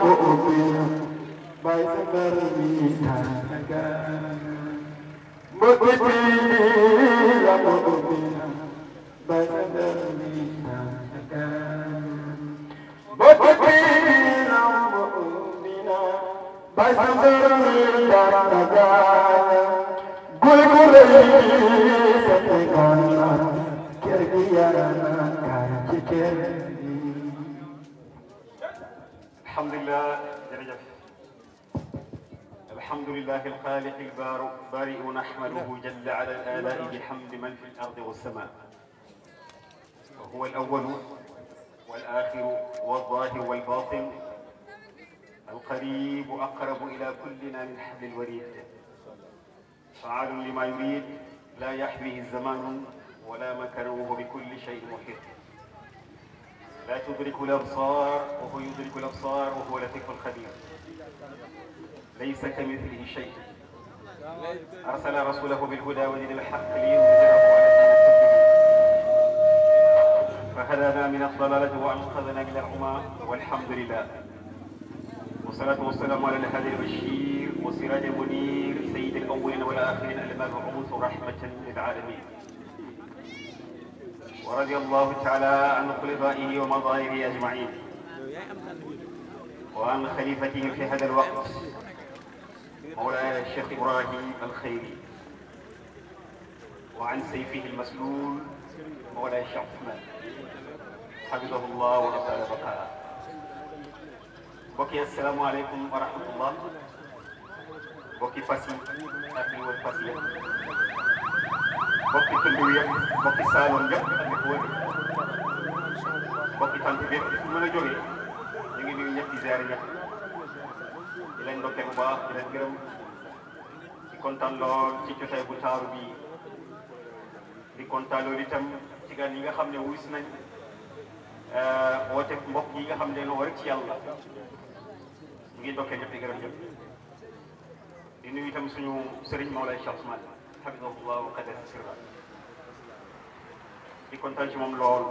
ko ubbil bay sa bërëbi tànga mbokki bii la ko ubbil bay sa bërëbi tànga mbokki bii la ko ubbil bay sa bërëbi tànga gul gul yi sa tegal kër gi yàlla na kaay ci kër gi الحمد لله الحمد لله الخالق البارئ نحمده جل على الآلاء بحمد من في الأرض والسماء وهو الأول والآخر والظاهر والباطن القريب أقرب إلى كلنا من حبل الوريد فعال لما يريد لا يحميه الزمان ولا مكانه بكل شيء محيط لا تدرك الأبصار وهو يدرك الأبصار وهو لطيف خبير ليس كمثله شيء أرسل رسوله بالهدى ودين الحق لينذره فهذا من الضلالة وأنقذنا من العمى والحمد لله والصلاة والسلام على الهادي البشير وسراج المنير سيد الأولين والآخرين الإمام العموس رحمة للعالمين ورضي الله تعالى عن خلفائه ومظاهره أجمعين وعن خليفته في هذا الوقت مولانا الشيخ إبراهيم الخيري وعن سيفه المسلول مولاي الشيخ عثمان حفظه الله وأطال بقاء بكي السلام عليكم ورحمة الله بكي فاسي أخي والفاسية bokki tënd wi yëpp bokki Saalum yëpp ak li ko wër bi yëpp mën a jógee ñu ngi nuyu ñëpp di ziare ndokkee bu baax di gërëm di kontaan ci jotaay bu taaru bi di kontaan loolu itam ci gan yi nga xam ne wuus nañ eh, woote mbokk yi nga xam ne loo rek ci yàlla ñu ngi ndokkee ñëpp gërëm ñëpp di nuyu itam suñu sëriñ Mawlay Cheikh Ousmane hafidahullahu qadasa sirra di kontaan ci moom lool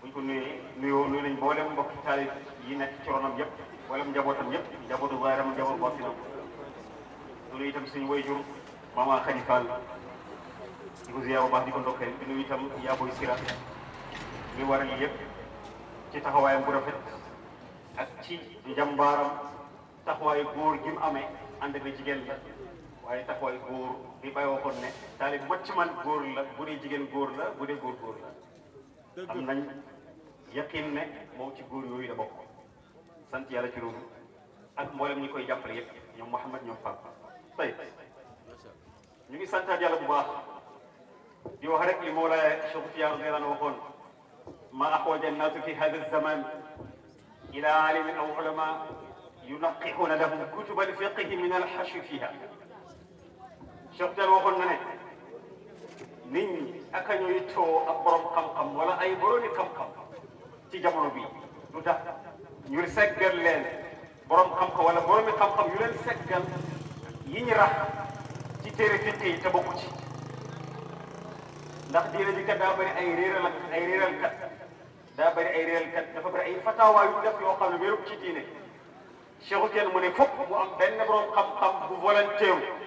bu ñu ko nuy nuyoo nuyu nañ boolem mbokki yi nekk ci ronam yëpp boolem njabootam yëpp njabootu waaram njaboot baatinam nuyu itam suñu wayjur maama Xadi Fall di ko di ko ndokkeel di itam yaa sira li waral yëpp ci taxawaayam bu rafet ak ci njàmbaaram taxawaayu góor gi mu amee ànd ak jigéen waaye taxawal góor li bay waxoon ne taalib wacc man góor la bu dee jigéen góor la bu dee góor góor la am nañ yaqin ne moom ci góor yooyu la bokk sant yàlla ci loolu ak mboolem ñi koy jàppale yëpp ñoom Mouhamed ñoom Pape tey ñu ngi santaat yàlla bu baax di wax rek li Mawlaaya Cheikh Tiyaan radiyallaahu anhu waxoon ma axwaja annaasu fi haada zaman ila alimin aw ulama yunaqihuuna lahum kutuba alfiqhi min alxashi fiha Cheikh Diallo waxoon na ne nit ñi ak a ñuy yittewoo ak borom wala ay boromi xam-xam ci jamono bi lu tax ñu seggal leen borom xam-xam wala boromi xam-xam yu leen seggal yi ñu rax ci téere fitte yi te bokku ci ndax diine ji kat daa bëri ay réeral ak kat daa bëri ay réeral kat dafa bëri ay fatawa yu def yoo xam ne wéru ci diine Cheikh Diallo mu ne fokk mu benn borom xam-xam bu volontaire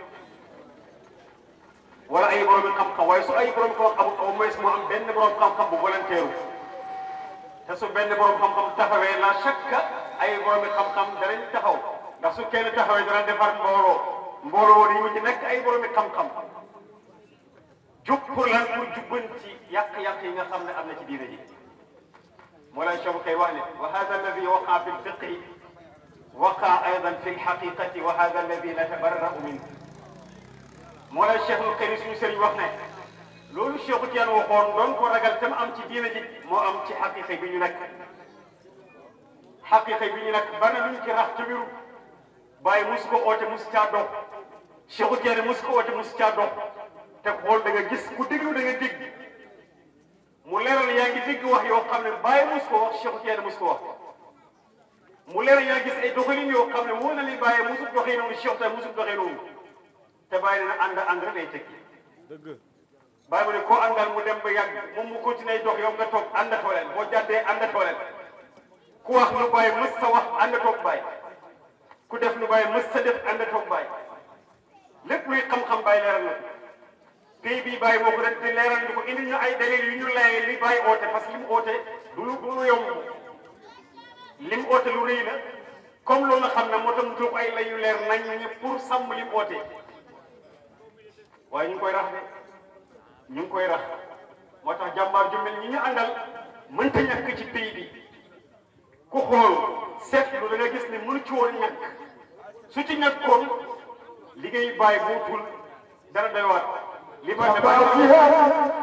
wala ay borom xam-xam waaye su ay borom xam-xam au moins mu am benn borom xam-xam bu volontaire te su benn borom xam-xam taxawee la chaque ay borom xam-xam danañ taxaw ndax su kenn taxawee dana defar mbooloo mbooloo dañu ci nekk ay borom xam-xam jub pour lan pour jubbanti yàq-yàq yi nga xam ne am na ci diine ji مولاي شوقي كي وهذا الذي وقع في الفقه وقع ايضا في الحقيقه وهذا الذي نتبرأ منه moo ne cheikhul karim suñu sëriñ wax ne loolu cheikhu tiyaan waxoon doon ko ragal tam am ci diina ji moo am ci xaqiqa bi ñu nekk xaqiqa bi ñu nekk bana luñ ci rax ci mbiru bàyyi mus ko oote mus caa dox cheikhu tiyaan mus ko oote mus caa dox te xool da nga gis ku déglu da nga dégg mu leeral yaa ngi dégg wax yoo xam ne bàyyi mus ko wax cheikhu tiyaan mus ko wax mu leeral yaa ngi gis ay doxalin yoo xam ne wóor na li bàyyi musub doxee noonu cheikh tiyaan musub doxee noonu te bàyyi dina ànd ànd rek lay tekki dëgg bàyyi mu ne koo moom mu continué dox nga toog àndatoo boo jàddee àndatoo leen ku wax ku def lu bàyyi mës sa def àndatoog bàyyi lépp luy xam-xam na tey bii bàyyi ko indi ay dalil yu ñu bàyyi oote parce que li mu li mu oote lu rëy la ne moo tax mu jóg ay lay yu leer nañ ñu pour sàmm li mu waaye ñu koy rax de ngi koy rax moo tax jàmbaar ju mel ñi ñu àndal mënta ñàkk ci pays bi ku xool seetlu da nga gis ne mënu ci woon ñàkk su ci ñàkkoon liggéey bàyyi bootul dara doy waat li ba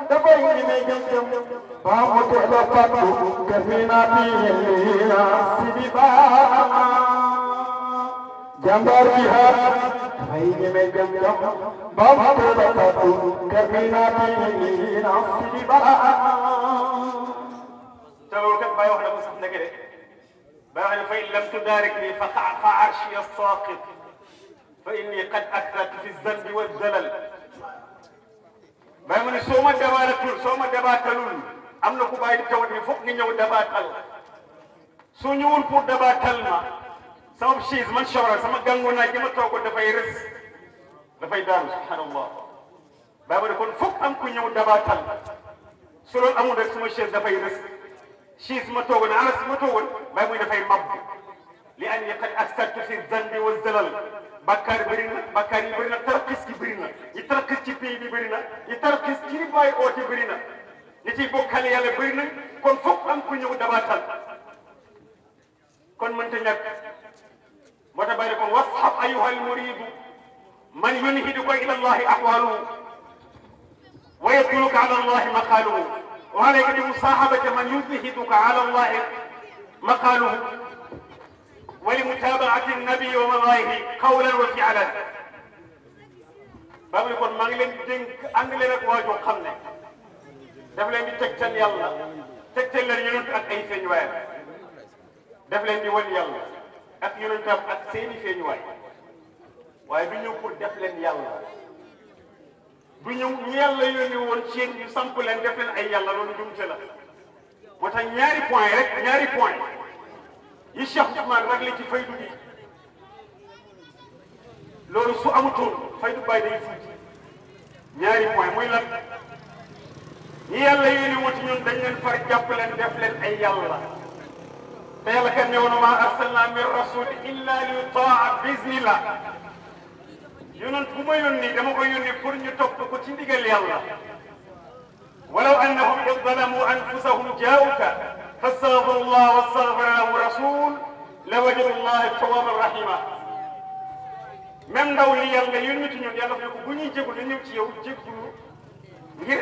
da koy ñemee jëm ba mu teel a fàttu kafina fii si bi baax جمبار विहार भाई में जम जम बम बता तू करना तेरी नासी बला ترى كان بايو احنا بس احنا كده بايو احنا فإن لم تباركني فعرشي الساقط فإني قد أكثرت في الذنب والزلل بايو من سوما دباتل سوما دباتلون أمنا كوبايد كوني فوق نيو دباتل سو ñewul pour dabatal ma سوف شيز من شورا سما ما توكو دا فاي دفاي دا فاي دام سبحان الله بابا يكون فوك أم كن يوم دباتل سولو أمو در سما شيز دا فاي رز شيز ما توكو أنا سما باي توقع دا فاي ماب لأني قد أكثرت في الذنب والزلل بكار برينا بكار برينا تركز كي برينا يتركز كي بي بي برينا يتركز كي باي او تي برينا نتي بو بوكالي يالا برينا كون فوك أم كن يوم دباتل كون منتنك متبارك واصحب أيها المريد من ينهدك إلى الله أحواله ويدلك على الله مقاله وعليك بمصاحبة من ينهدك على الله مقاله ولمتابعة النبي ومضايه قولا وفعلا باب يقول ne kon maa ngi leen di dénk ànd leen تكتل waajoo xam ne daf leen di tegtal yàlla tegtal leen ak yonentam ak seeni feeñuwaay waaye du ñëw pour def leen yàlla du ñëw ñu yàlla yónni woon ci ñu samp leen def leen ay yàlla loolu jumte la moo tax ñaari point rek ñaari point yi Cheikh Ousmane rek la ci faydu bi loolu su amutoon faydu bàyyi day fuuti ñaari point muy lan ñi yàlla yónni woon ci ñun dañ leen far jàpp leen def leen ay yàlla تيلا كان يونو ما أرسلنا من رسول إلا ليطاع بإذن الله يونان كما يوني دما كو يوني بور ني توك كو تي ديغال يالا ولو أنهم إذ ظلموا أنفسهم جاءوك فاستغفر الله واستغفر له الرسول لوجد الله التوابا الرحيما même ndaw li yàlla yónni ci ñun yàlla ko bu ñuy jégalu ñëw ci yow jégalu ngir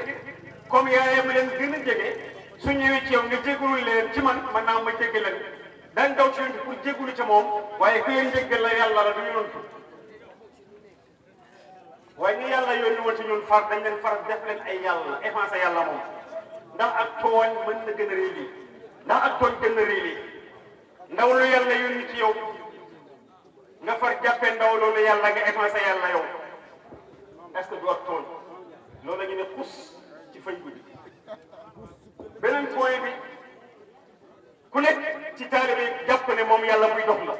comme yaayam leen gën a jege su ñëwee ci yow nga jégalu leen ci man man naa ma jégal leen daañu daw ci yoon pour ca moom waaye ku yéen jégal la yàlla la du ñu doon waaye ni yàlla yónni woon ci ñun far dañ leen far def leen ay yàlla effacé yàlla moom ndax ak tooñ mën na gën a rëy lii ndax ak tooñ gën a rëy lii ndaw lu yàlla yónni ci yow nga far jàppee ndaw loolu yàlla nga effacé yàlla yow est-ce que du ak tooñ loolu a ñu ne xus ci fay guddi ci taalibe yi jàpp ne moom yàlla buy dox la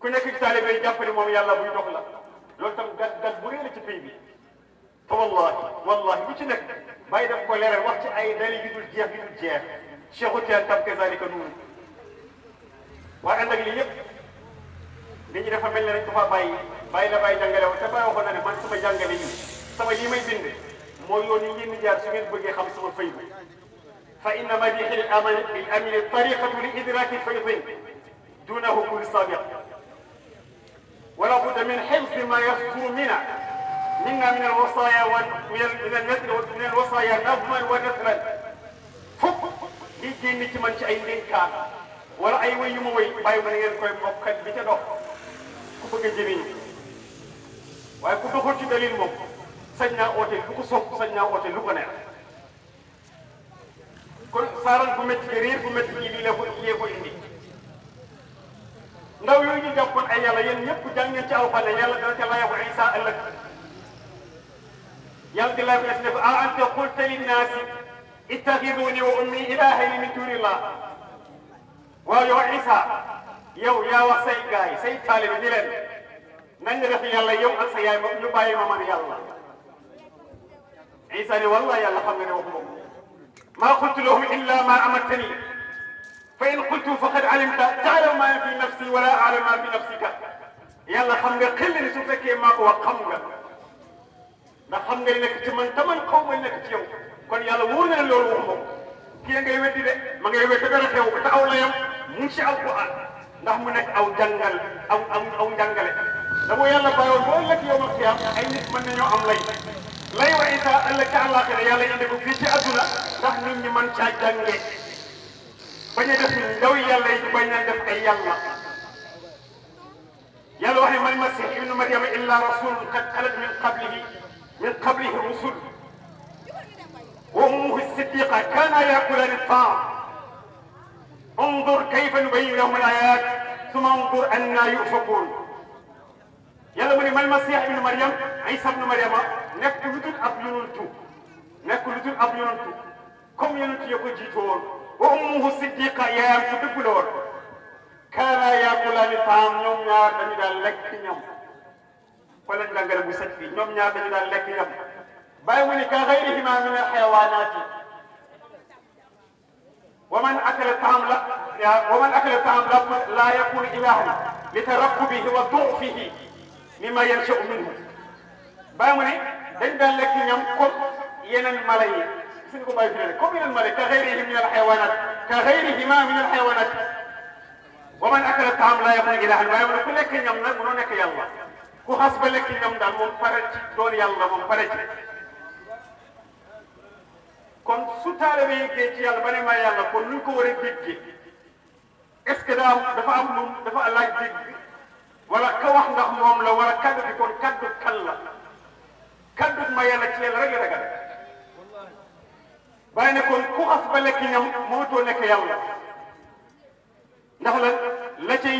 ku nekk ci taalibe yi jàpp ne moom yàlla buy dox la loolu tam gàtt gàtt bu rëy la ci pays bi te wallahi wallahi bu ci nekk bàyyi def ko leeral wax ci ay dali yu dul jeex yu dul jeex Cheikh Otiel tam kazalika nuuru waaye ànd ak lii yëpp nit ñi dafa mel ne rek dafa bàyyi bàyyi la bàyyi jàngale woon te bàyyi waxoon na ne man sama jàngale yi sama lii may bind moo yoon yi ngeen di jaar su ngeen bëggee xam sama fay bi فإنما لحل الأمر بالأمن طريقة لإدراك الفيضين دون هبوط سابق ولا بد من حفظ ما يصدر منا منا من الوصايا ومن من الوصايا نظما ونثما فك لدين من شيء من كان ولا أي وي موي باي من يركوي مكان بيتدو كفك جميل واي كفك دليل مو سنة أوتي كفك سنة أوتي لبنان kon saaral bu métti réer bu métti ñi lii la ko lii ko indi ndaw yooyu ñu jàppoon ay yàlla yéen ñëpp jàng ngeen ci alxuraan ne yàlla dana ca layabu Isa ëllëg yàlla di lay ko ne ko a anta qulta linnaasi ittaxiduuni wa ummi ilaahayni min duunillah waaw yow Isa yow yaa wax say gaay say taalibe ni leen nañ la def yàlla yow ak sa yaay ma ñu bàyyi ma man yàlla Isa ne wallaahi yàlla xam nga ne waxuma ko ما قلت لهم إلا ما أمرتني فإن قلت فقد علمت تعلم ما في نفسي ولا أعلم ما في نفسك يلا خمد قل نسوفك ما هو خمد نخمد إنك تمن تمن قوم إنك تيوم كن يلا ورنا اللور وهم كي أنجي ودي ده ما جي ودي ده رأسي وقتاول يوم مش القرآن نه منك أو جنجل أو أو أو جنجل لو يلا بايو بقول لك يوم القيامة أي نسمن يوم أملاي lay wa Isa ëllëg ca àllaaxira yàlla indi ko fii ci àdduna ndax nit ñi mën caa jàngee bañ a def ndaw yàlla yi bañ a def ay yàlla yàlla wax ne man masih ibnu maryama illa rasulun qad xalat min qablihi min qablihi rusul wa ummuhu siddiqa kaana yakulani taam انظر كيف نبين لهم الآيات ثم انظر أنا يؤفكون يالله مني مال مسيح ابن مريم عيسى ابن مريم نكو لوتو اب يونتو نكو لوتو اب يونتو كوم يونتو يكو جيتور وامه صديقه يا تدبلور كان ياكل لي طعام نيوم يا دني دال لك نيوم فلا نغال بو سات في نيوم يا دني دال لك نيوم باي مني كغيرهما من الحيوانات ومن اكل الطعام لا ومن اكل الطعام لا يكون الهه لتركبه وضعفه مما يلشا منه بامري دنجا لك ينقل ينن ملايين كم من كغيره من الحيوانات كغيرهما من الحيوانات ومن اكل الطعام لا يملك الى ما يملك لك يمنا منونك يا الله وحسب لك يمنا منفرج دون يا الله منفرج كن ستار بيك يا البني ما يا الله كن نكور اسكدام دفع دفع الله wala ka wax ndax moom la a kaddu bi kon kaddu kan la kaddu ma yàlla ci yàlla rek la dagal ne kon ku xas ba lekk ñam mootoo nekk yàlla ndax la la cay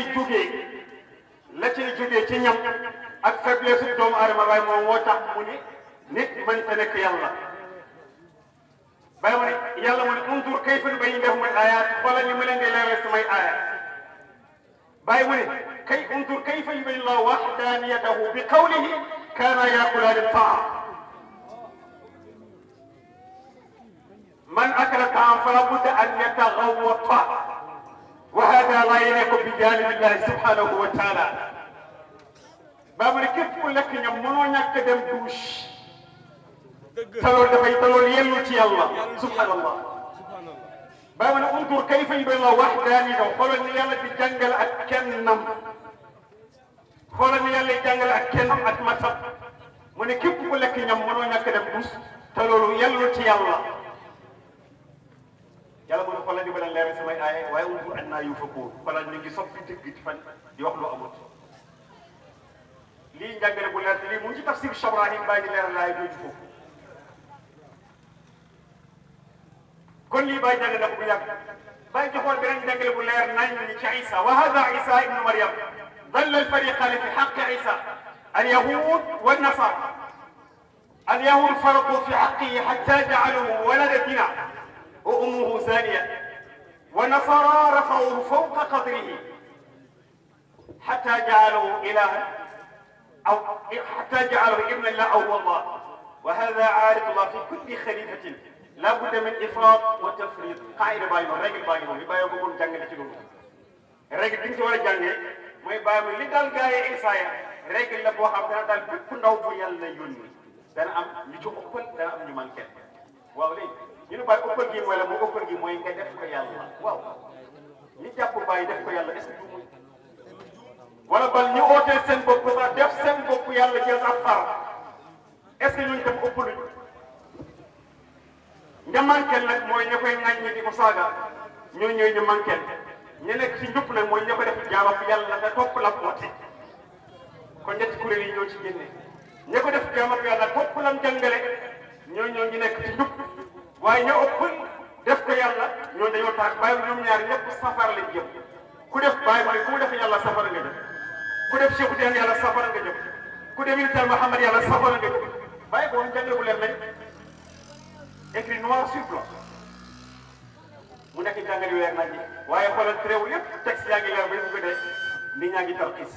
jógee ci ñam ak faiblesse su doomu aadama waaye moom moo tax mu ni nit mën ta nekk yàlla bàyyi ma ne yàlla mu ne undur kayfa nubayyinu lahum al ayat xoolal ni ma leen di leeral samay aaya bàyyi mu ne كي انظر كيف يبين الله وحدانيته بقوله كان ياكلان الطعام من اكل الطعام فلا بد ان يتغوط وهذا لا يليق بجانب الله سبحانه وتعالى بابر كيف يقول لك يا مونا كدم دوش تلو دفاي تلو يلو الله سبحان الله بابا انظر كيف يبين الله وحداني دو خلو اني يالا دي جنجل اكن نم خلو اني يالا دي جنجل من كيف يقول لك نم منو نك دم بوس تلولو يالو تي يالا يالا منو خلو اني بلان لاري آي وي انظر انا يوفقور خلو اني سب بيت بيت فن دي وقت لو أموت لي نجنجل بلان تفسير شبراهيم باي دي لاري لاي كل بيت جعل بقولك بيت جوار بين جعل بولير نين من عيسى وهذا عيسى ابن مريم ظل الفريق في حق عيسى اليهود والنصارى اليهود فرقوا في حقه حتى جعلوه ولد ولدتنا وأمه ثانية والنصارى رفعوه فوق قدره حتى جعلوه إلها أو حتى جعلوه ابن الله أو الله وهذا عارض الله في كل خليفة laa budda min ifraat wa tafriit xaayida bàyyi ma bàyyi moom li bàyyi ko mun bi ñu ci a bàyyi ma li daal gaa yi Isaa la boo xam dana daal bépp ndaw bu yàlla yónni dana am ñu ci ëppal dana am ñu manqué waaw léegi ñu ne bàyyi ëppal gi mooy la mu ëppal gi mooy nga def ko yàlla waaw ñi jàpp bàyyi def ko yàlla est-ce bal ñu ootee seen bopp sax def seen bopp yàlla jël ab far est-ce ña manquel nag mooy ña koy ŋaññi di ko saaga ñoo ñooy ñu manquel ñi nekk ci njub nag mooy ña ko def jaamam yàlla te topp lam oote kon ñetti kuréel yi ñoo ci génne ña ko def jaamam yàlla topp lam jàngale ñoo ñoo ñu nekk ci njub waaye ñoo ëpp def ko yàlla ñoo dañoo taag bàyyi ñoom ñaar ñëpp safara lañ jëm ku def bàyyi mooy ku mu def yàlla safara nga jëm ku def Cheikh Tidiane yàlla safara nga jëm ku def Ibrahima Muhammad yàlla safara nga jëm bàyyi boobu jàngale bu leen nañ écrit noir sur blanc mu nekk jàngali weer nañ waaye xoolal réew yëpp texte yaa ngi leer bu dee nit ñaa ngi tarxiis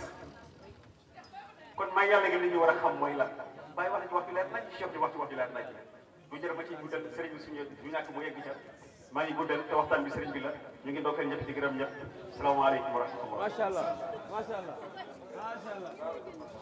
kon may yàlla gi li ñu war a mooy lan bàyyi wax ci wax ci leer nañ ci chef di wax ci wax ci leer nañ du jërë ma ciy guddal sëriñ bi suñu ñu ñàkk mu yegg ca maa ngi guddal te waxtaan bi sëriñ bi la ñu ngi ndokkeel ñëpp di gërëm ñëpp salaamaaleykum wa rahmatullah macha